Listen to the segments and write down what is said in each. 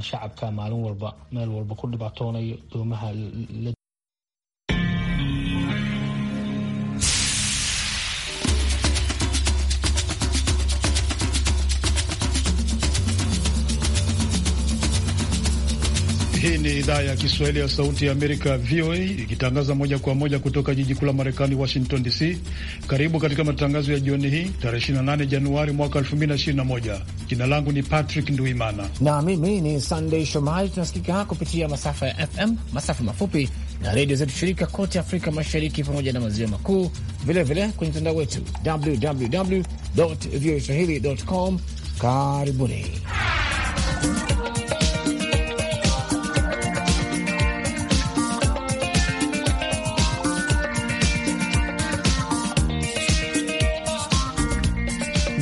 shacabka maalin walba meel walba ku dhibaatoonayo doomaha la ni idhaa ya Kiswahili ya Sauti ya Amerika, VOA, ikitangaza moja kwa moja kutoka jiji kuu la Marekani, Washington DC. Karibu katika matangazo ya jioni hii tarehe 28 Januari mwaka 2021. Jina langu ni Patrick Nduimana na mimi ni Sandey Shomari. Tunasikika kupitia masafa ya FM, masafa mafupi na redio zetu shirika kote Afrika Mashariki pamoja na Maziwa Makuu, vilevile kwenye mtandao wetu www voaswahili com. Karibuni.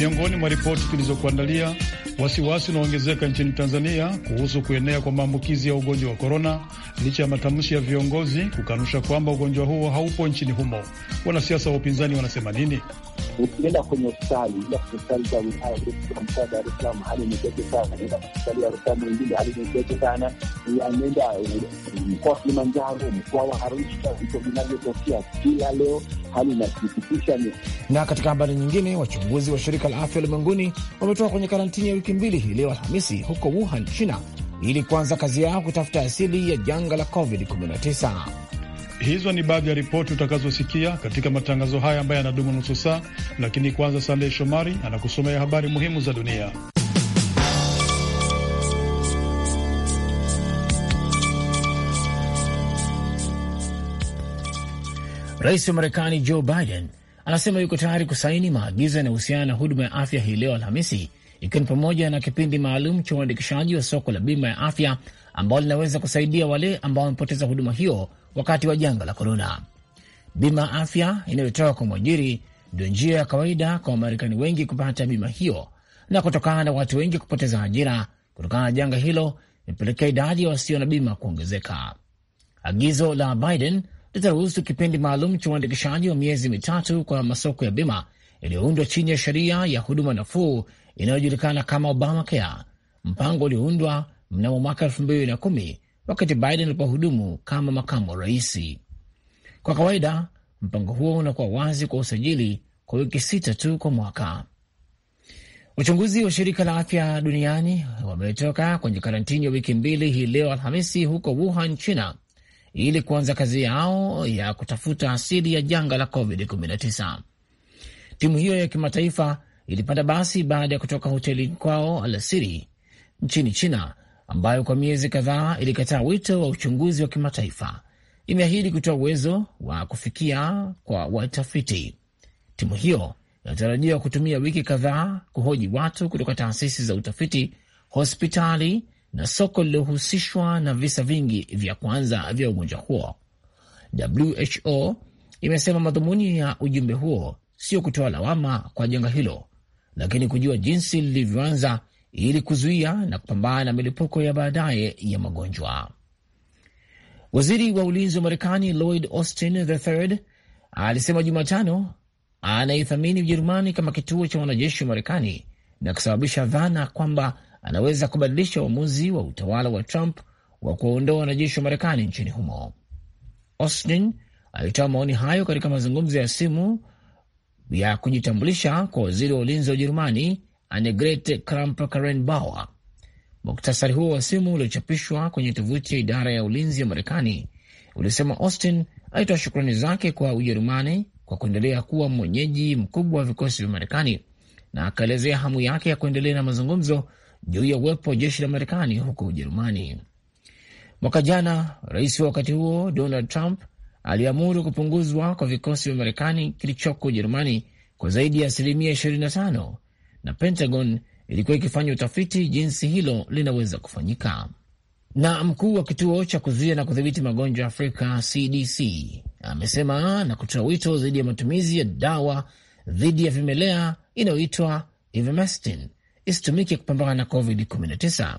Miongoni mwa ripoti zilizokuandalia wasiwasi unaongezeka nchini Tanzania kuhusu kuenea kwa maambukizi ya ugonjwa wa korona, licha ya matamshi ya viongozi kukanusha kwamba ugonjwa huo haupo nchini humo. Wanasiasa wa upinzani wanasema nini? ukienda kwenye hospitali ila hospitali za wilaya mkoa Dar es Salaam hali ni sana, enda hospitali ya rufaa mwingine hali ni sana, anaenda eh, mkoa wa Kilimanjaro, mkoa wa Arusha, vitu vinavyotokea kila leo, hali inasikitisha. Na katika habari nyingine, wachunguzi wa shirika la afya ulimwenguni wametoka kwenye karantini ya wiki mbili hii leo Alhamisi huko Wuhan, China, ili kuanza kazi yao kutafuta asili ya janga la COVID-19. Hizo ni baadhi ya ripoti utakazosikia katika matangazo haya ambayo yanadumu nusu saa, lakini kwanza, Sandey Shomari anakusomea habari muhimu za dunia. Rais wa Marekani Joe Biden anasema yuko tayari kusaini maagizo yanayohusiana na huduma ya afya hii leo Alhamisi, ikiwa ni pamoja na kipindi maalum cha uandikishaji wa soko la bima ya afya ambao linaweza kusaidia wale ambao wamepoteza huduma hiyo wakati wa janga la korona. Bima afya inayotoka kwa mwajiri ndio njia ya kawaida kwa Wamarekani wengi kupata bima hiyo, na kutokana na watu wengi kupoteza ajira kutokana na janga hilo imepelekea idadi ya wasio na bima kuongezeka. Agizo la Biden litaruhusu kipindi maalum cha uandikishaji wa miezi mitatu kwa masoko ya bima iliyoundwa chini ya sheria ya huduma nafuu inayojulikana kama Obamacare, mpango ulioundwa mnamo mwaka elfu mbili na kumi wakati Biden alipohudumu kama makamu wa rais. Kwa kawaida mpango huo unakuwa wazi kwa usajili kwa wiki sita tu kwa mwaka. wachunguzi wa shirika la afya duniani wametoka kwenye karantini ya wiki mbili hii leo Alhamisi huko Wuhan, China, ili kuanza kazi yao ya kutafuta asili ya janga la COVID-19. Timu hiyo ya kimataifa ilipanda basi baada ya kutoka hoteli kwao alasiri nchini China ambayo kwa miezi kadhaa ilikataa wito wa uchunguzi wa kimataifa, imeahidi kutoa uwezo wa kufikia kwa watafiti. Timu hiyo inatarajiwa kutumia wiki kadhaa kuhoji watu kutoka taasisi za utafiti, hospitali na soko lililohusishwa na visa vingi vya kwanza vya ugonjwa huo. WHO imesema madhumuni ya ujumbe huo sio kutoa lawama kwa janga hilo, lakini kujua jinsi lilivyoanza ili kuzuia na kupambana na milipuko ya baadaye ya magonjwa. Waziri wa ulinzi wa Marekani Lloyd Austin III alisema Jumatano anaithamini Ujerumani kama kituo cha wanajeshi wa Marekani na kusababisha dhana kwamba anaweza kubadilisha uamuzi wa utawala wa Trump wa kuwaondoa wanajeshi wa Marekani nchini humo. Austin alitoa maoni hayo katika mazungumzo ya simu ya kujitambulisha kwa waziri wa ulinzi wa Ujerumani Annegret Kramp-Karrenbauer. Muktasari huo wa simu uliochapishwa kwenye tovuti ya idara ya ulinzi ya Marekani ulisema Austin alitoa shukrani zake kwa Ujerumani kwa kuendelea kuwa mwenyeji mkubwa wa vikosi vya Marekani na akaelezea hamu yake ya kuendelea na mazungumzo juu ya uwepo wa jeshi la Marekani huko Ujerumani. Mwaka jana rais wa wakati huo Donald Trump aliamuru kupunguzwa kwa vikosi vya Marekani kilichoko Ujerumani kwa zaidi ya asilimia 25 na Pentagon ilikuwa ikifanya utafiti jinsi hilo linaweza kufanyika. Na mkuu wa kituo cha kuzuia na kudhibiti magonjwa Afrika CDC amesema na kutoa wito dhidi ya matumizi ya dawa dhidi ya vimelea inayoitwa ivermectin isitumike kupambana na COVID-19.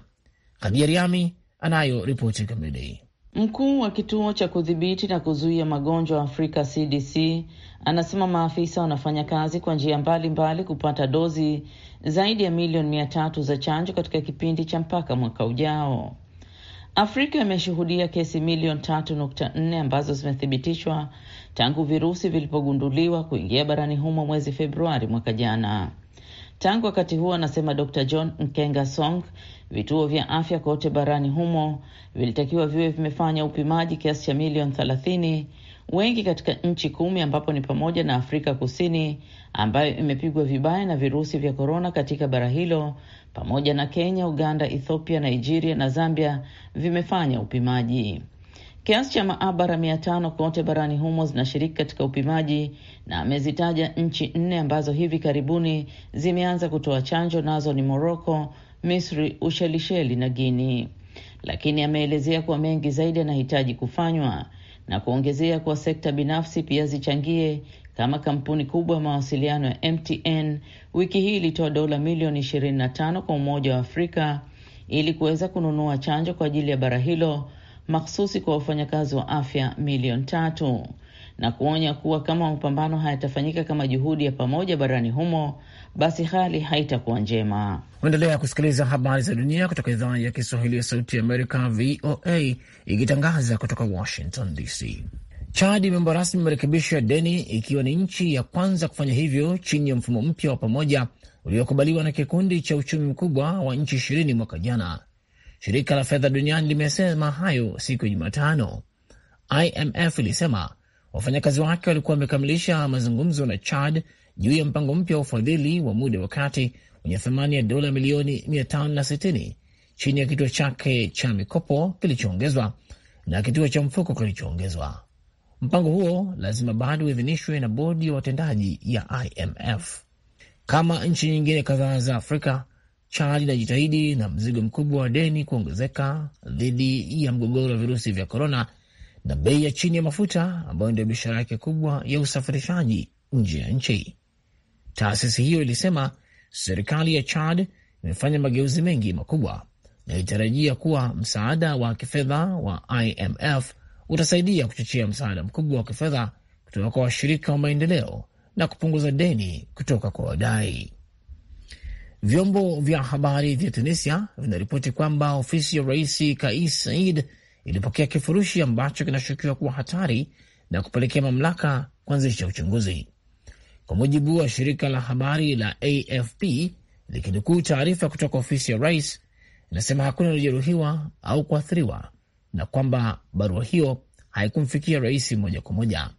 Hadija Riami anayo ripoti kamili. Mkuu wa kituo cha kudhibiti na kuzuia magonjwa Afrika CDC anasema maafisa wanafanya kazi kwa njia mbalimbali kupata dozi zaidi ya milioni mia tatu za chanjo katika kipindi cha mpaka mwaka ujao. Afrika imeshuhudia kesi milioni tatu nukta nne ambazo zimethibitishwa tangu virusi vilipogunduliwa kuingia barani humo mwezi Februari mwaka jana. Tangu wakati huo, anasema Dr John Nkenga Song, vituo vya afya kote barani humo vilitakiwa viwe vimefanya upimaji kiasi cha milioni 30 wengi katika nchi kumi ambapo ni pamoja na Afrika Kusini ambayo imepigwa vibaya na virusi vya korona katika bara hilo, pamoja na Kenya, Uganda, Ethiopia, Nigeria na Zambia vimefanya upimaji. Kiasi cha maabara mia tano kote barani humo zinashiriki katika upimaji, na amezitaja nchi nne ambazo hivi karibuni zimeanza kutoa chanjo, nazo ni Moroko, Misri, Ushelisheli na Guini, lakini ameelezea kuwa mengi zaidi yanahitaji kufanywa na kuongezea kuwa sekta binafsi pia zichangie kama kampuni kubwa ya mawasiliano ya MTN wiki hii ilitoa dola milioni 25 kwa Umoja wa Afrika ili kuweza kununua chanjo kwa ajili ya bara hilo mahsusi kwa wafanyakazi wa afya milioni tatu na kuonya kuwa kama mapambano hayatafanyika kama juhudi ya pamoja barani humo, basi hali haitakuwa njema. Unaendelea kusikiliza habari za dunia kutoka idhaa ya Kiswahili ya Sauti ya Amerika, VOA, ikitangaza kutoka Washington DC. Chad imeomba rasmi marekebisho ya deni ikiwa ni nchi ya kwanza kufanya hivyo chini ya mfumo mpya wa pamoja uliokubaliwa na kikundi cha uchumi mkubwa wa nchi ishirini mwaka jana Shirika la fedha duniani limesema hayo siku ya Jumatano. IMF ilisema wafanyakazi wake walikuwa wamekamilisha mazungumzo na Chad juu ya mpango mpya wa ufadhili wa muda wa kati wenye thamani ya dola milioni 560 chini ya kituo chake cha mikopo kilichoongezwa na kituo cha mfuko kilichoongezwa. Mpango huo lazima bado uidhinishwe na bodi ya watendaji ya IMF. Kama nchi nyingine kadhaa za Afrika, Chad inajitahidi na mzigo mkubwa wa deni kuongezeka dhidi ya mgogoro wa virusi vya korona na bei ya chini ya mafuta ambayo ndio biashara yake kubwa ya usafirishaji nje ya nchi. Taasisi hiyo ilisema serikali ya Chad imefanya mageuzi mengi makubwa na ilitarajia kuwa msaada wa kifedha wa IMF utasaidia kuchochea msaada mkubwa wa kifedha kutoka kwa washirika wa maendeleo na kupunguza deni kutoka kwa wadai. Vyombo vya habari vya Tunisia vinaripoti kwamba ofisi ya rais Kais Said ilipokea kifurushi ambacho kinashukiwa kuwa hatari na kupelekea mamlaka kuanzisha uchunguzi, kwa mujibu wa shirika la habari la AFP likinukuu taarifa kutoka ofisi ya rais. Inasema hakuna aliyejeruhiwa au kuathiriwa na kwamba barua hiyo haikumfikia rais moja kwa moja.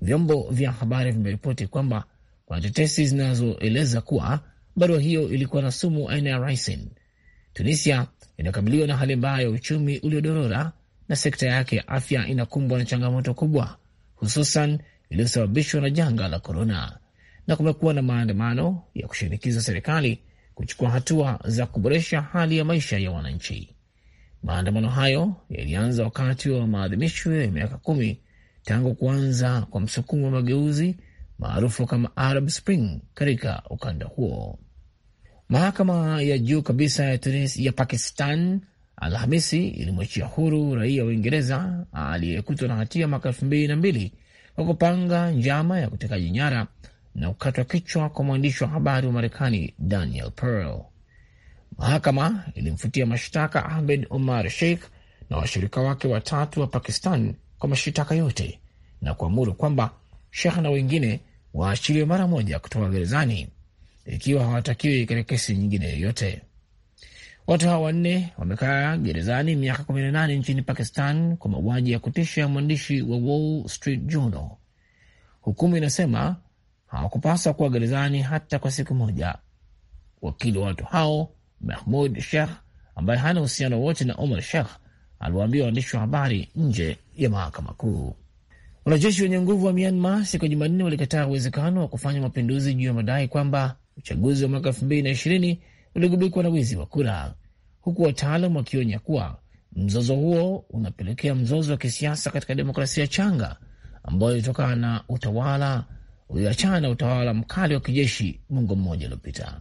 Vyombo vya habari vimeripoti kwamba kuna tetesi zinazoeleza kuwa barua hiyo ilikuwa na sumu aina ya ricin. Tunisia inakabiliwa na hali mbaya ya uchumi uliodorora na sekta yake ya afya inakumbwa na changamoto kubwa, hususan iliyosababishwa na janga la korona, na kumekuwa na maandamano ya kushinikiza serikali kuchukua hatua za kuboresha hali ya maisha ya wananchi. Maandamano hayo yalianza wakati wa maadhimisho ya miaka kumi tangu kuanza kwa msukumo wa mageuzi maarufu kama Arab Spring katika ukanda huo. Mahakama ya juu kabisa ya Tunis ya Pakistan Alhamisi ilimwachia huru raia wa Uingereza aliyekutwa na hatia mwaka elfu mbili na mbili kwa kupanga njama ya kutekaji nyara na kukatwa kichwa kwa mwandishi wa habari wa Marekani Daniel Pearl. Mahakama ilimfutia mashtaka Ahmed Omar Sheikh na washirika wake watatu wa Pakistan kwa mashitaka yote na kuamuru kwamba Sheikh na wengine waachiliwe mara moja kutoka gerezani ikiwa hawatakiwi katika kesi nyingine yoyote. Watu hawa wanne wamekaa gerezani miaka 18 nchini Pakistan kwa mauaji ya kutisha mwandishi wa Wall Street Journal. Hukumu inasema hawakupaswa kuwa gerezani hata kwa siku moja. Wakili wa watu hao Mahmud Sheikh, ambaye hana uhusiano wote na Omar Sheikh, aliwaambia waandishi wa habari nje ya mahakama kuu. Wanajeshi wenye nguvu wa Myanmar siku ya Jumanne walikataa uwezekano wa kufanya mapinduzi juu ya madai kwamba uchaguzi wa mwaka elfu mbili na ishirini uligubikwa na wizi wa kura, huku wataalam wakionya kuwa mzozo huo unapelekea mzozo wa kisiasa katika demokrasia changa ambayo ilitokana na utawala ulioachana na utawala mkali wa kijeshi mwongo mmoja uliopita.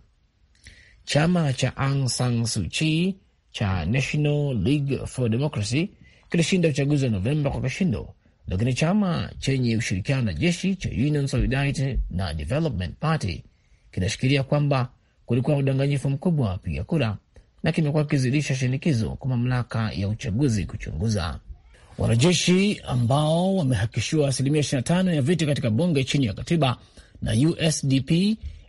Chama cha Aung San Suu Kyi cha National League for Democracy kilishinda uchaguzi wa Novemba kwa kishindo lakini chama chenye ushirikiano na jeshi cha Union Solidarity na Development Party kinashikilia kwamba kulikuwa udanganyifu mkubwa wa wapiga kura na kimekuwa kikizidisha shinikizo kwa mamlaka ya uchaguzi kuchunguza. Wanajeshi ambao wamehakikishiwa asilimia 25 ya viti katika bunge chini ya katiba na USDP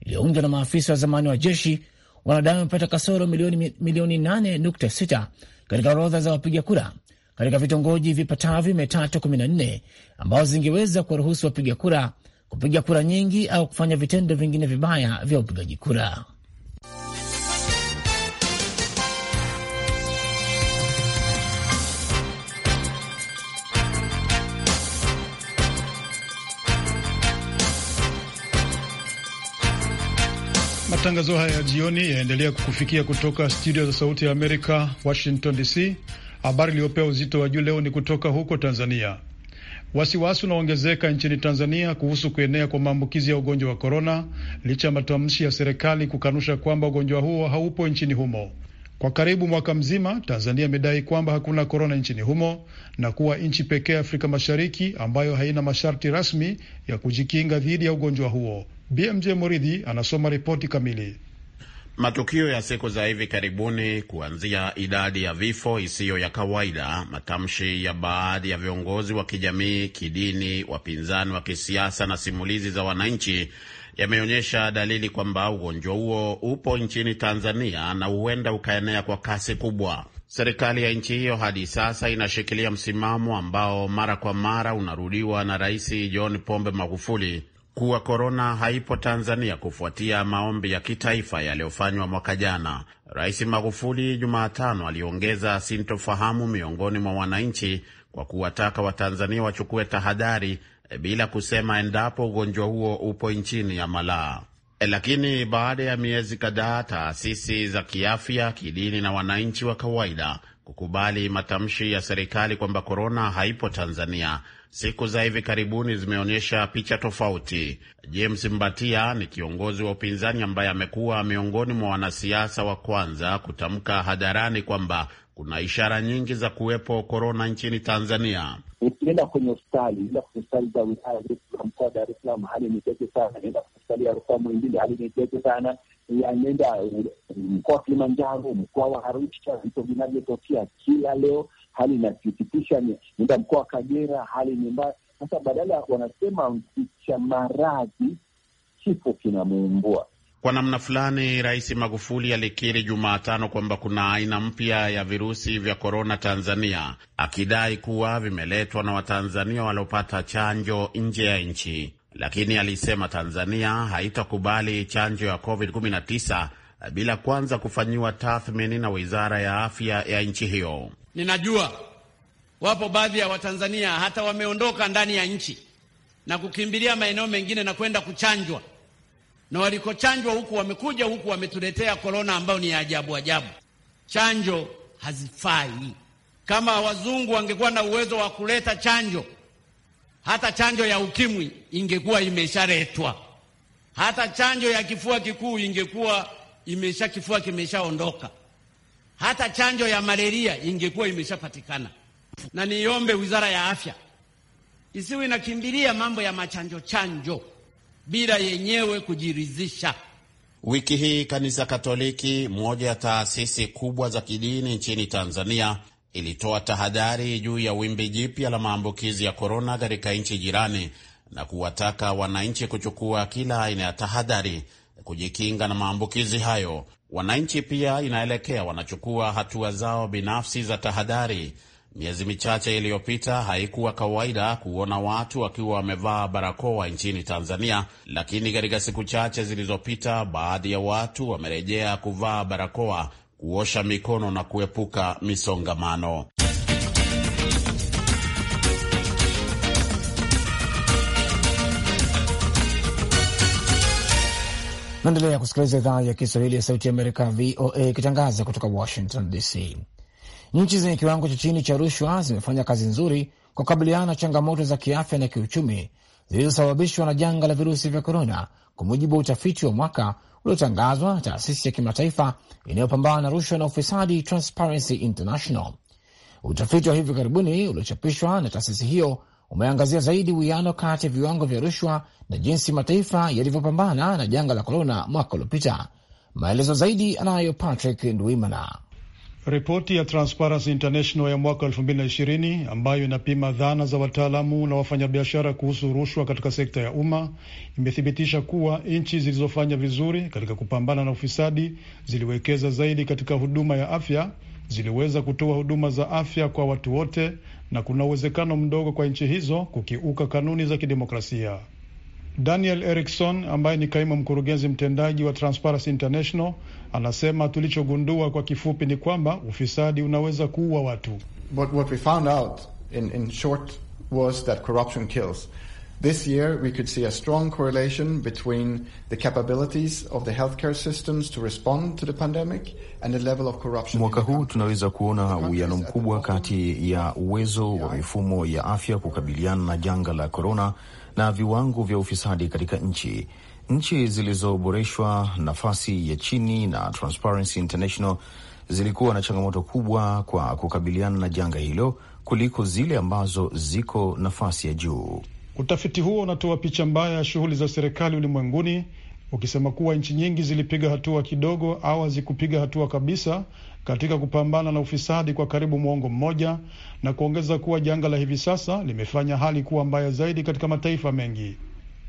iliyoundwa na maafisa wa zamani wa jeshi wanadai wamepata kasoro milioni 8.6 katika orodha za wapiga kura katika vitongoji vipatavyo mia tatu kumi na nne ambazo zingeweza kuwaruhusu wapiga kura kupiga kura nyingi au kufanya vitendo vingine vibaya vya upigaji kura. Matangazo haya ya jioni yaendelea kukufikia kutoka studio za Sauti ya Amerika, Washington DC. Habari iliyopewa uzito wa juu leo ni kutoka huko Tanzania. Wasiwasi unaongezeka nchini Tanzania kuhusu kuenea kwa maambukizi ya ugonjwa wa korona, licha ya matamshi ya serikali kukanusha kwamba ugonjwa huo haupo nchini humo. Kwa karibu mwaka mzima, Tanzania imedai kwamba hakuna korona nchini humo na kuwa nchi pekee Afrika Mashariki ambayo haina masharti rasmi ya kujikinga dhidi ya ugonjwa huo. BMJ Muridhi anasoma ripoti kamili. Matukio ya siku za hivi karibuni, kuanzia idadi ya vifo isiyo ya kawaida, matamshi ya baadhi ya viongozi wa kijamii, kidini, wapinzani wa kisiasa na simulizi za wananchi yameonyesha dalili kwamba ugonjwa huo upo nchini Tanzania na huenda ukaenea kwa kasi kubwa. Serikali ya nchi hiyo hadi sasa inashikilia msimamo ambao mara kwa mara unarudiwa na Rais John Pombe Magufuli kuwa korona haipo Tanzania kufuatia maombi ya kitaifa yaliyofanywa mwaka jana. Rais Magufuli Jumatano aliongeza sintofahamu miongoni mwa wananchi kwa kuwataka Watanzania wachukue tahadhari eh, bila kusema endapo ugonjwa huo upo nchini ya malaa. Eh, lakini baada ya miezi kadhaa, taasisi za kiafya, kidini na wananchi wa kawaida kukubali matamshi ya serikali kwamba korona haipo Tanzania, siku za hivi karibuni zimeonyesha picha tofauti. James Mbatia ni kiongozi wa upinzani ambaye amekuwa miongoni mwa wanasiasa wa kwanza kutamka hadharani kwamba kuna ishara nyingi za kuwepo korona nchini Tanzania. Ukienda kwenye hospitali, enda kwenye hospitali za wilaya mkoa wa Dar es Salaam, hali ni tete sana. Enda hospitali ya rufaa Muhimbili, hali ni tete sana. Nenda eh, mkoa wa Kilimanjaro, mkoa wa Arusha, vitu vinavyotokea kila leo hali inasikitisha, nenda mkoa wa Kagera, hali ni mbaya. Sasa badala wanasema mficha maradhi, kifo kinamuumbua. Kwa namna fulani, Rais Magufuli alikiri Jumatano kwamba kuna aina mpya ya virusi vya korona Tanzania, akidai kuwa vimeletwa na Watanzania waliopata chanjo nje ya nchi, lakini alisema Tanzania haitakubali chanjo ya COVID-19 bila kwanza kufanyiwa tathmini na wizara ya afya ya nchi hiyo. Ninajua wapo baadhi ya Watanzania hata wameondoka ndani ya nchi na kukimbilia maeneo mengine na kwenda kuchanjwa, na walikochanjwa huku wamekuja huku wametuletea korona ambayo ni ya ajabu ajabu. Chanjo hazifai. Kama wazungu wangekuwa na uwezo wa kuleta chanjo, hata chanjo ya ukimwi ingekuwa imeshaletwa, hata chanjo ya kifua kikuu ingekuwa imesha kifua kimeshaondoka hata chanjo ya malaria ingekuwa imeshapatikana. Na niombe wizara ya afya isiwe inakimbilia mambo ya machanjo chanjo bila yenyewe kujiridhisha. Wiki hii kanisa Katoliki, moja ya taasisi kubwa za kidini nchini Tanzania, ilitoa tahadhari juu ya wimbi jipya la maambukizi ya korona katika nchi jirani na kuwataka wananchi kuchukua kila aina ya tahadhari kujikinga na maambukizi hayo Wananchi pia inaelekea wanachukua hatua zao binafsi za tahadhari. Miezi michache iliyopita haikuwa kawaida kuona watu wakiwa wamevaa barakoa nchini Tanzania, lakini katika siku chache zilizopita baadhi ya watu wamerejea kuvaa barakoa, kuosha mikono na kuepuka misongamano. Naendelea kusikiliza idhaa ya Kiswahili ya Sauti ya Amerika, VOA, ikitangaza kutoka Washington DC. Nchi zenye kiwango cha chini cha rushwa zimefanya kazi nzuri kwa kukabiliana na changamoto za kiafya na kiuchumi zilizosababishwa na janga la virusi vya korona, kwa mujibu wa utafiti wa mwaka uliotangazwa na taasisi ya kimataifa inayopambana na rushwa na ufisadi, Transparency International. Utafiti wa hivi karibuni uliochapishwa na taasisi hiyo umeangazia zaidi uwiano kati ya viwango vya rushwa na jinsi mataifa yalivyopambana na janga la korona mwaka uliopita. Maelezo zaidi anayo Patrick Ndwimana. Ripoti ya Transparency International ya mwaka 2020 ambayo inapima dhana za wataalamu na wafanyabiashara kuhusu rushwa katika sekta ya umma imethibitisha kuwa nchi zilizofanya vizuri katika kupambana na ufisadi ziliwekeza zaidi katika huduma ya afya, ziliweza kutoa huduma za afya kwa watu wote na kuna uwezekano mdogo kwa nchi hizo kukiuka kanuni za kidemokrasia. Daniel erikson ambaye ni kaimu mkurugenzi mtendaji wa Transparency International anasema tulichogundua kwa kifupi ni kwamba ufisadi unaweza kuua watu. But what we found out in, in short was that corruption kills. This year, we could see a strong correlation between the capabilities of the healthcare systems to respond to the pandemic and the level of corruption. Mwaka huu tunaweza kuona uwiano mkubwa kati ya uwezo wa mifumo ya afya kukabiliana na janga la korona na viwango vya ufisadi katika nchi. Nchi zilizoboreshwa nafasi ya chini na Transparency International zilikuwa na changamoto kubwa kwa kukabiliana na janga hilo kuliko zile ambazo ziko nafasi ya juu. Utafiti huo unatoa picha mbaya ya shughuli za serikali ulimwenguni, ukisema kuwa nchi nyingi zilipiga hatua kidogo au hazikupiga hatua kabisa katika kupambana na ufisadi kwa karibu mwongo mmoja, na kuongeza kuwa janga la hivi sasa limefanya hali kuwa mbaya zaidi katika mataifa mengi.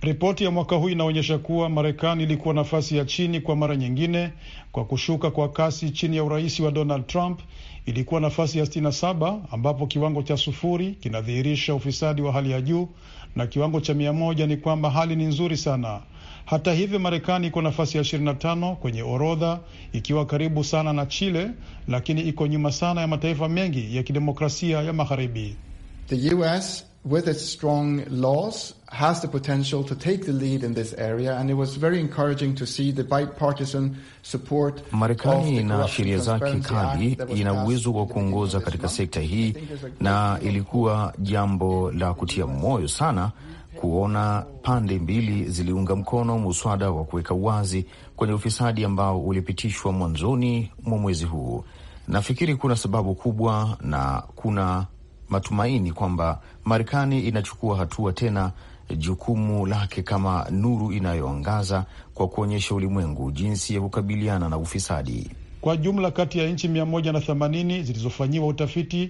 Ripoti ya mwaka huu inaonyesha kuwa Marekani ilikuwa nafasi ya chini kwa mara nyingine kwa kushuka kwa kasi chini ya urais wa Donald Trump. Ilikuwa nafasi ya 67 ambapo kiwango cha sufuri kinadhihirisha ufisadi wa hali ya juu na kiwango cha mia moja ni kwamba hali ni nzuri sana. Hata hivyo, Marekani iko nafasi ya 25 kwenye orodha ikiwa karibu sana na Chile, lakini iko nyuma sana ya mataifa mengi ya kidemokrasia ya magharibi. The US with its strong laws, has the potential to take the lead in this area, and it was very encouraging to see the bipartisan support. Marekani na sheria zake kali ina uwezo wa kuongoza katika sekta hii, na ilikuwa jambo la kutia moyo sana kuona pande mbili ziliunga mkono muswada wa kuweka wazi kwenye ufisadi ambao ulipitishwa mwanzoni mwa mwezi huu. Nafikiri kuna sababu kubwa na kuna matumaini kwamba Marekani inachukua hatua tena jukumu lake kama nuru inayoangaza kwa kuonyesha ulimwengu jinsi ya kukabiliana na ufisadi. Kwa jumla kati ya nchi 180 zilizofanyiwa utafiti,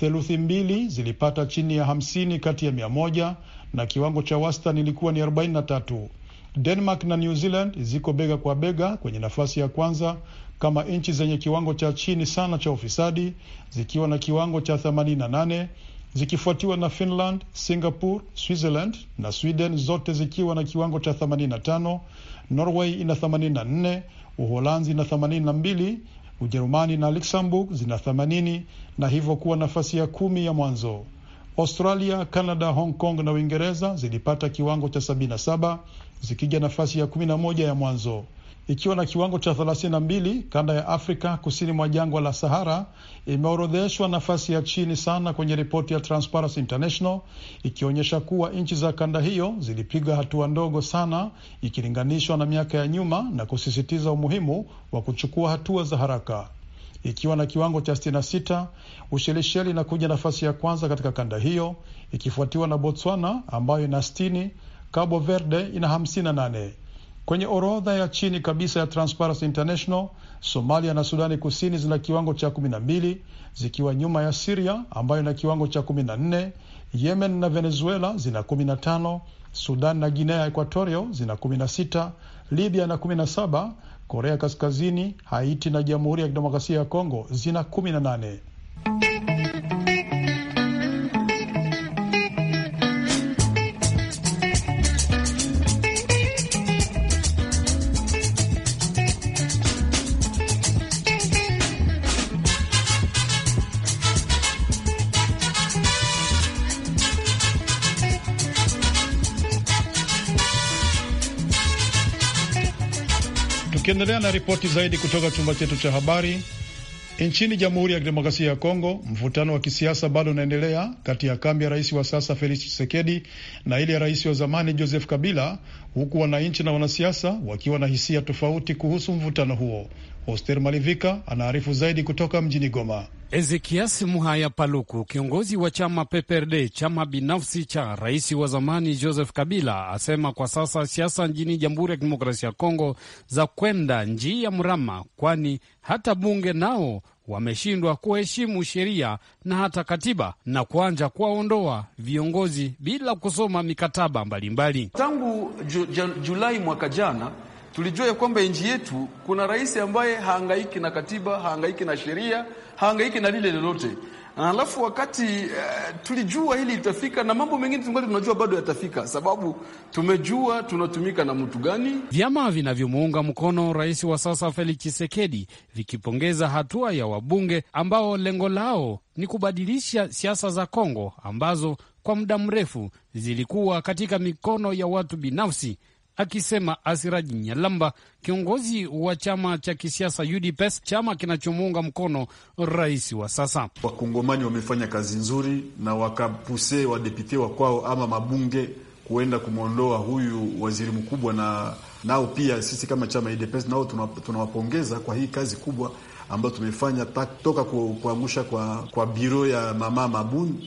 theluthi mbili zilipata chini ya 50 kati ya 100 na kiwango cha wastani ilikuwa ni 43. Denmark na New Zealand ziko bega kwa bega kwenye nafasi ya kwanza kama nchi zenye kiwango cha chini sana cha ufisadi zikiwa na kiwango cha 88 zikifuatiwa na Finland, Singapore, Switzerland na Sweden, zote zikiwa na kiwango cha 85. Norway ina 84, Uholanzi ina 82, Ujerumani na Luxembourg zina 80 na hivyo kuwa nafasi ya kumi ya mwanzo. Australia, Canada, Hong Kong na Uingereza zilipata kiwango cha 77 zikija nafasi ya 11 ya mwanzo ikiwa na kiwango cha 32. Kanda ya Afrika kusini mwa jangwa la Sahara imeorodheshwa nafasi ya chini sana kwenye ripoti ya Transparency International, ikionyesha kuwa nchi za kanda hiyo zilipiga hatua ndogo sana ikilinganishwa na miaka ya nyuma, na kusisitiza umuhimu wa kuchukua hatua za haraka. Ikiwa na kiwango cha 66, Ushelisheli inakuja nafasi ya kwanza katika kanda hiyo, ikifuatiwa na Botswana ambayo ina 60. Cabo Verde ina 58. Kwenye orodha ya chini kabisa ya Transparency International, Somalia na Sudani Kusini zina kiwango cha kumi na mbili zikiwa nyuma ya Siria ambayo ina kiwango cha kumi na nne. Yemen na Venezuela zina kumi na tano. Sudan na Guinea Equatorio zina kumi na sita. Libya na kumi na saba. Korea Kaskazini, Haiti na Jamhuri ya Kidemokrasia ya Kongo zina kumi na nane. Tukiendelea na ripoti zaidi kutoka chumba chetu cha habari, nchini Jamhuri ya Kidemokrasia ya Kongo, mvutano wa kisiasa bado unaendelea kati ya kambi ya rais wa sasa Felix Tshisekedi na ile ya rais wa zamani Joseph Kabila, huku wananchi na wanasiasa wakiwa na hisia tofauti kuhusu mvutano huo. Hoster Malivika anaarifu zaidi kutoka mjini Goma. Ezekias Muhaya Paluku, kiongozi wa chama PPRD, chama binafsi cha rais wa zamani Joseph Kabila, asema kwa sasa siasa nchini Jamhuri ya Kidemokrasia ya Kongo za kwenda njia mrama, kwani hata bunge nao wameshindwa kuheshimu sheria na hata katiba na kuanja kuwaondoa viongozi bila kusoma mikataba mbalimbali mbali. Tangu ju, ju, Julai mwaka jana tulijua ya kwamba nchi yetu kuna rais ambaye haangaiki na katiba, haangaiki na sheria, haangaiki na lile lolote. Alafu wakati uh, tulijua hili litafika na mambo mengine tungali tunajua bado yatafika, sababu tumejua tunatumika na mtu gani. Vyama vinavyomuunga mkono rais wa sasa Felix chisekedi vikipongeza hatua ya wabunge ambao lengo lao ni kubadilisha siasa za Kongo ambazo kwa muda mrefu zilikuwa katika mikono ya watu binafsi akisema Asiraji Nyalamba, kiongozi wa chama cha kisiasa UDPS, chama kinachomuunga mkono rais wa sasa. Wakongomani wamefanya kazi nzuri na wakapuse wadepute wa kwao ama mabunge kuenda kumwondoa huyu waziri mkubwa, na nao pia sisi kama chama UDPS nao tunawapongeza kwa hii kazi kubwa ambayo tumefanya toka kuangusha kwa, kwa biro ya mama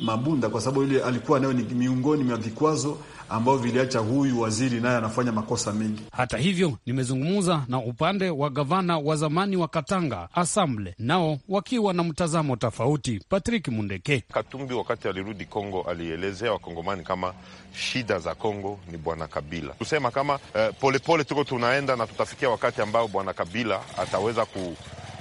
Mabunda, kwa sababu ile alikuwa nayo ni miongoni mwa vikwazo ambao viliacha huyu waziri naye anafanya makosa mengi. Hata hivyo, nimezungumza na upande wa gavana wa zamani wa Katanga Asamble, nao wakiwa na mtazamo tofauti. Patrick Mundeke Katumbi wakati alirudi Kongo alielezea Wakongomani kama shida za Kongo ni Bwana Kabila, kusema kama polepole eh, pole tuko tunaenda na tutafikia wakati ambao Bwana Kabila ataweza ku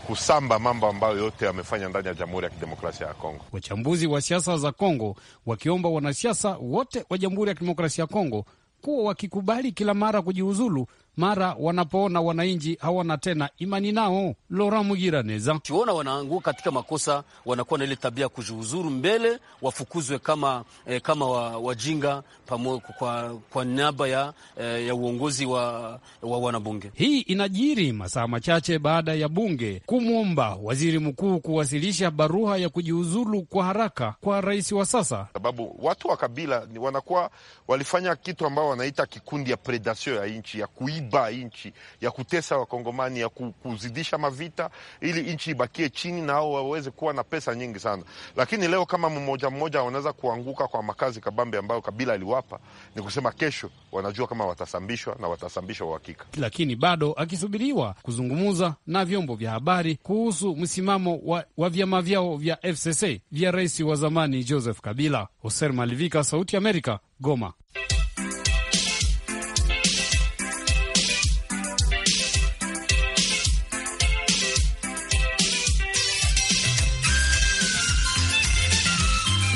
kusamba mambo ambayo yote yamefanya ndani ya Jamhuri ya Kidemokrasia ya Kongo. Wachambuzi wa siasa za Kongo wakiomba wanasiasa wote wa Jamhuri ya Kidemokrasia ya Kongo kuwa wakikubali kila mara kujiuzulu mara wanapoona wananchi hawana tena imani nao. Laurent Mugiraneza: kiona wanaangua katika makosa, wanakuwa na ile tabia ya kujiuzuru mbele, wafukuzwe kama, eh, kama wajinga wa kwa, kwa niaba ya, eh, ya uongozi wa, wa wanabunge. Hii inajiri masaa machache baada ya bunge kumwomba waziri mkuu kuwasilisha barua ya kujiuzulu kwa haraka kwa rais wa sasa, sababu watu wa kabila wanakuwa walifanya kitu ambao wanaita kikundi ya predasio ya nchi ya kuiba kuiba nchi, ya kutesa Wakongomani, ya kuzidisha mavita ili nchi ibakie chini na hao waweze kuwa na pesa nyingi sana. Lakini leo kama mmoja mmoja wanaweza kuanguka kwa makazi kabambe ambayo Kabila aliwapa, ni kusema kesho wanajua kama watasambishwa na watasambishwa uhakika. Lakini bado akisubiriwa kuzungumza na vyombo vya habari kuhusu msimamo wa, wa vyama vyao vya FCC vya rais wa zamani Joseph Kabila. Hoser Malivika, Sauti Amerika, Goma.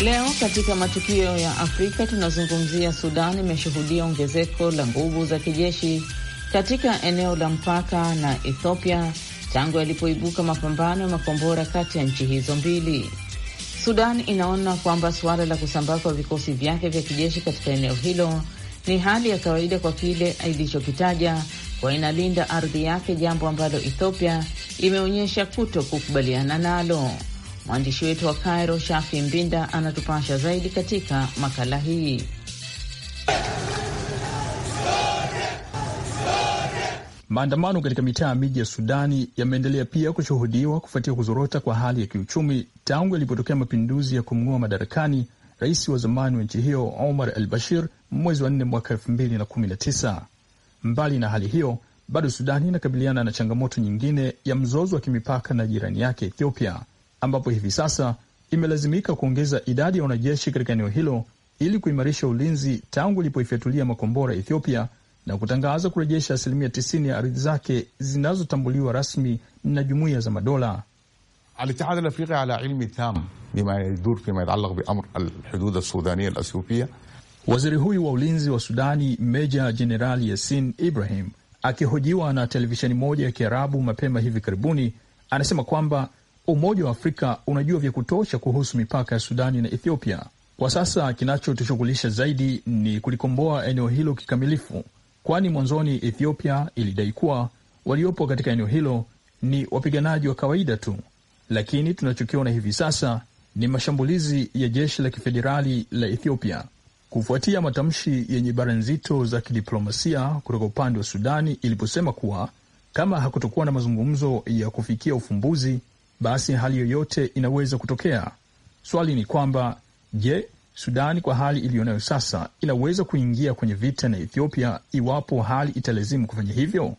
Leo katika matukio ya Afrika tunazungumzia Sudan imeshuhudia ongezeko la nguvu za kijeshi katika eneo la mpaka na Ethiopia tangu yalipoibuka mapambano ya makombora kati ya nchi hizo mbili. Sudan inaona kwamba suala la kusambaa kwa vikosi vyake vya kijeshi katika eneo hilo ni hali ya kawaida kwa kile ilichokitaja kwa inalinda ardhi yake, jambo ambalo Ethiopia imeonyesha kuto kukubaliana nalo. Mwandishi wetu wa Cairo, Shafi Mbinda, anatupasha zaidi katika makala hii. Maandamano katika mitaa ya miji ya Sudani yameendelea pia kushuhudiwa kufuatia kuzorota kwa hali ya kiuchumi tangu yalipotokea mapinduzi ya kumng'oa madarakani rais wa zamani wa nchi hiyo Omar al Bashir mwezi wa nne mwaka elfu mbili na kumi na tisa. Mbali na hali hiyo, bado Sudani inakabiliana na changamoto nyingine ya mzozo wa kimipaka na jirani yake Ethiopia ambapo hivi sasa imelazimika kuongeza idadi ya wanajeshi katika eneo hilo ili kuimarisha ulinzi tangu ilipoifyatulia makombora Ethiopia na kutangaza kurejesha asilimia 90 ya ardhi zake zinazotambuliwa rasmi na jumuiya za madola. Alitihad alafriqi ala ilmi tam bima yadur fima biamr alhudud alsudania Waziri huyu wa ulinzi wa Sudani, Meja Jenerali Yasin Ibrahim, akihojiwa na televisheni moja ya Kiarabu mapema hivi karibuni, anasema kwamba Umoja wa Afrika unajua vya kutosha kuhusu mipaka ya Sudani na Ethiopia. Kwa sasa kinachotushughulisha zaidi ni kulikomboa eneo hilo kikamilifu, kwani mwanzoni Ethiopia ilidai kuwa waliopo katika eneo hilo ni wapiganaji wa kawaida tu, lakini tunachokiona hivi sasa ni mashambulizi ya jeshi la kifederali la Ethiopia. Kufuatia matamshi yenye bara nzito za kidiplomasia kutoka upande wa Sudani iliposema kuwa kama hakutokuwa na mazungumzo ya kufikia ufumbuzi basi hali yoyote inaweza kutokea. Swali ni kwamba je, Sudani kwa hali iliyonayo sasa inaweza kuingia kwenye vita na Ethiopia iwapo hali italazimu kufanya hivyo?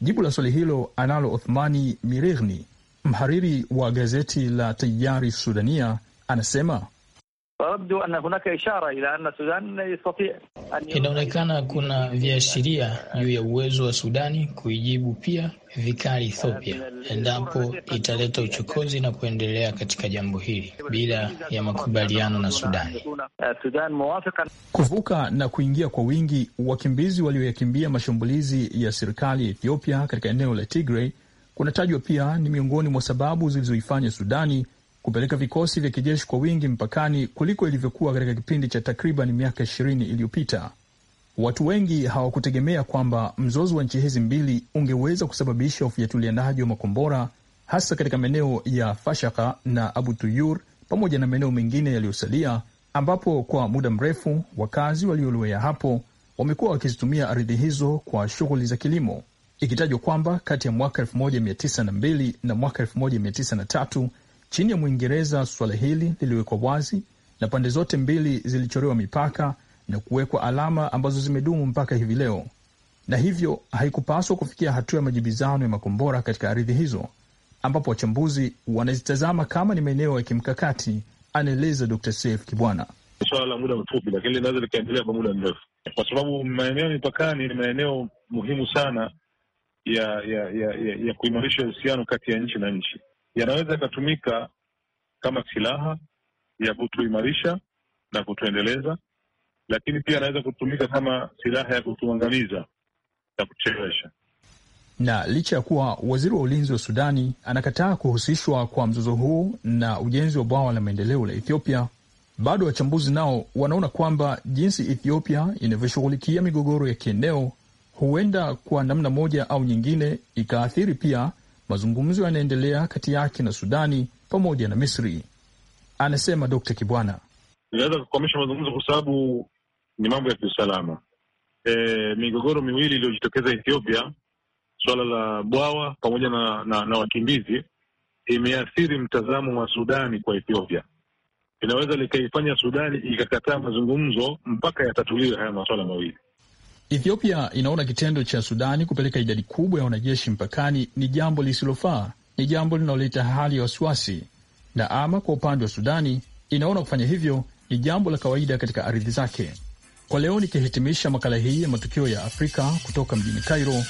Jibu la swali hilo analo Othmani Mirigni, mhariri wa gazeti la Tayari Sudania, anasema Inaonekana kuna viashiria juu ya uwezo wa Sudani kuijibu pia vikali Ethiopia endapo italeta uchokozi na kuendelea katika jambo hili bila ya makubaliano na Sudani. Eh, Kuvuka na kuingia kwa wingi wakimbizi walioyakimbia mashambulizi ya serikali Ethiopia katika eneo la Tigray kunatajwa pia ni miongoni mwa sababu zilizoifanya Sudani kupeleka vikosi vya kijeshi kwa wingi mpakani kuliko ilivyokuwa katika kipindi cha takriban miaka ishirini iliyopita. Watu wengi hawakutegemea kwamba mzozo wa nchi hizi mbili ungeweza kusababisha ufiatulianaji wa makombora hasa katika maeneo ya Fashaka na Abu Tuyur pamoja na maeneo mengine yaliyosalia, ambapo kwa muda mrefu wakazi waliolowea hapo wamekuwa wakizitumia ardhi hizo kwa shughuli za kilimo, ikitajwa kwamba kati ya mwaka 1902 na mwaka 1903 Chini ya Mwingereza suala hili liliwekwa wazi na pande zote mbili zilichorewa mipaka na kuwekwa alama ambazo zimedumu mpaka hivi leo, na hivyo haikupaswa kufikia hatua ya majibizano ya makombora katika ardhi hizo, ambapo wachambuzi wanazitazama kama ni maeneo ya kimkakati, anaeleza Dr. Seif Kibwana. Swala la muda mfupi, lakini linaweza likaendelea kwa muda mrefu, kwa sababu maeneo mipakani ni maeneo muhimu sana ya ya ya, ya, ya kuimarisha uhusiano kati ya nchi na nchi yanaweza yakatumika kama silaha ya kutuimarisha na kutuendeleza, lakini pia yanaweza kutumika kama silaha ya kutuangamiza na kutuchelewesha. Na licha ya kuwa waziri wa ulinzi wa Sudani anakataa kuhusishwa kwa mzozo huu na ujenzi wa bwawa la maendeleo la Ethiopia, bado wachambuzi nao wanaona kwamba jinsi Ethiopia inavyoshughulikia migogoro ya kieneo huenda kwa namna moja au nyingine ikaathiri pia Mazungumzo yanaendelea kati yake na Sudani pamoja na Misri, anasema d Kibwana. Inaweza kukwamisha mazungumzo kwa sababu ni mambo ya kiusalama. E, migogoro miwili iliyojitokeza Ethiopia, suala la bwawa pamoja na, na, na wakimbizi imeathiri mtazamo wa Sudani kwa Ethiopia. Inaweza likaifanya Sudani ikakataa mazungumzo mpaka yatatuliwe haya masuala mawili. Ethiopia inaona kitendo cha Sudani kupeleka idadi kubwa ya wanajeshi mpakani ni jambo lisilofaa, ni jambo linaloleta hali ya wasiwasi, na ama kwa upande wa Sudani inaona kufanya hivyo ni jambo la kawaida katika ardhi zake. Kwa leo nikihitimisha makala hii ya matukio ya Afrika kutoka mjini Cairo,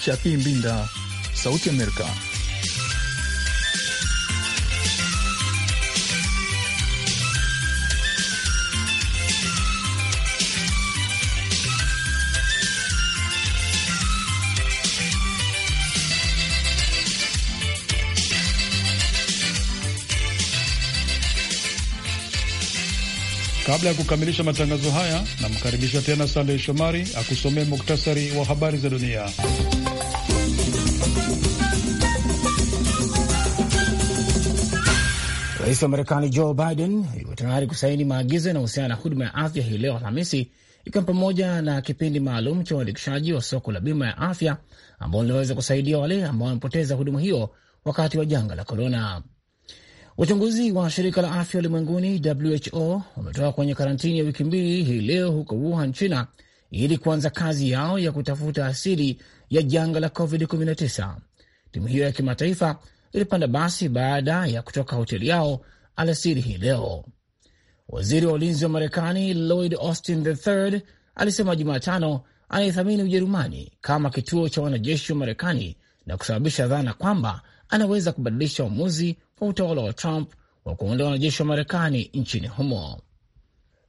Shafii Mbinda, Sauti Amerika. Kabla ya kukamilisha matangazo haya, namkaribisha tena Sandey Shomari akusomee muktasari wa habari za dunia. Rais wa Marekani Joe Biden yuko tayari kusaini maagizo yanahusiana na huduma ya afya hii leo Alhamisi, ikiwa ni pamoja na kipindi maalum cha uandikishaji wa soko la bima ya afya ambao linaweza kusaidia wale ambao wamepoteza huduma hiyo wakati wa janga la korona. Wachunguzi wa shirika la afya ulimwenguni WHO wametoka kwenye karantini ya wiki mbili hii leo huko Wuhan, China, ili kuanza kazi yao ya kutafuta asili ya janga la COVID-19. Timu hiyo ya kimataifa ilipanda basi baada ya kutoka hoteli yao alasiri hii leo. Waziri wa ulinzi wa Marekani Lloyd Austin III alisema Jumatano anaithamini Ujerumani kama kituo cha wanajeshi wa Marekani na kusababisha dhana kwamba anaweza kubadilisha uamuzi kwa utawala wa Trump wa kuondoa wanajeshi wa Marekani nchini humo.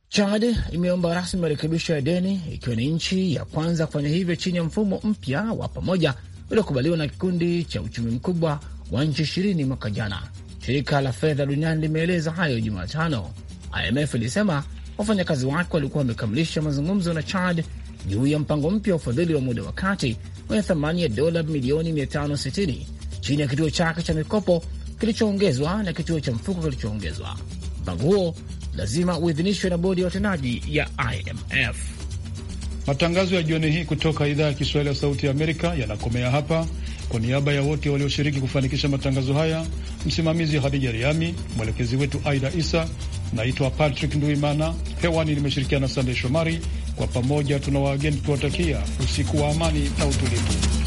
Chad imeomba rasmi marekebisho ya deni ikiwa ni nchi ya kwanza kufanya hivyo chini ya mfumo mpya wa pamoja uliokubaliwa na kikundi cha uchumi mkubwa wa nchi ishirini mwaka jana. Shirika la fedha duniani limeeleza hayo Jumatano. IMF ilisema wafanyakazi wake walikuwa wamekamilisha mazungumzo na Chad juu ya mpango mpya wa ufadhili wa muda wa kati wenye thamani ya dola milioni 560 chini ya kituo chake cha mikopo kilichoongezwa na kituo cha mfuko kilichoongezwa. Mpango huo lazima uidhinishwe na bodi ya watendaji ya IMF. Matangazo ya jioni hii kutoka idhaa ya Kiswahili ya Sauti ya Amerika yanakomea hapa. Kwa niaba ya wote walioshiriki kufanikisha matangazo haya, msimamizi Hadija Riami, mwelekezi wetu Aida Isa. Naitwa Patrick Nduimana, hewani nimeshirikiana na Sandey Shomari. Kwa pamoja tuna wageni tukiwatakia usiku wa amani na utulivu.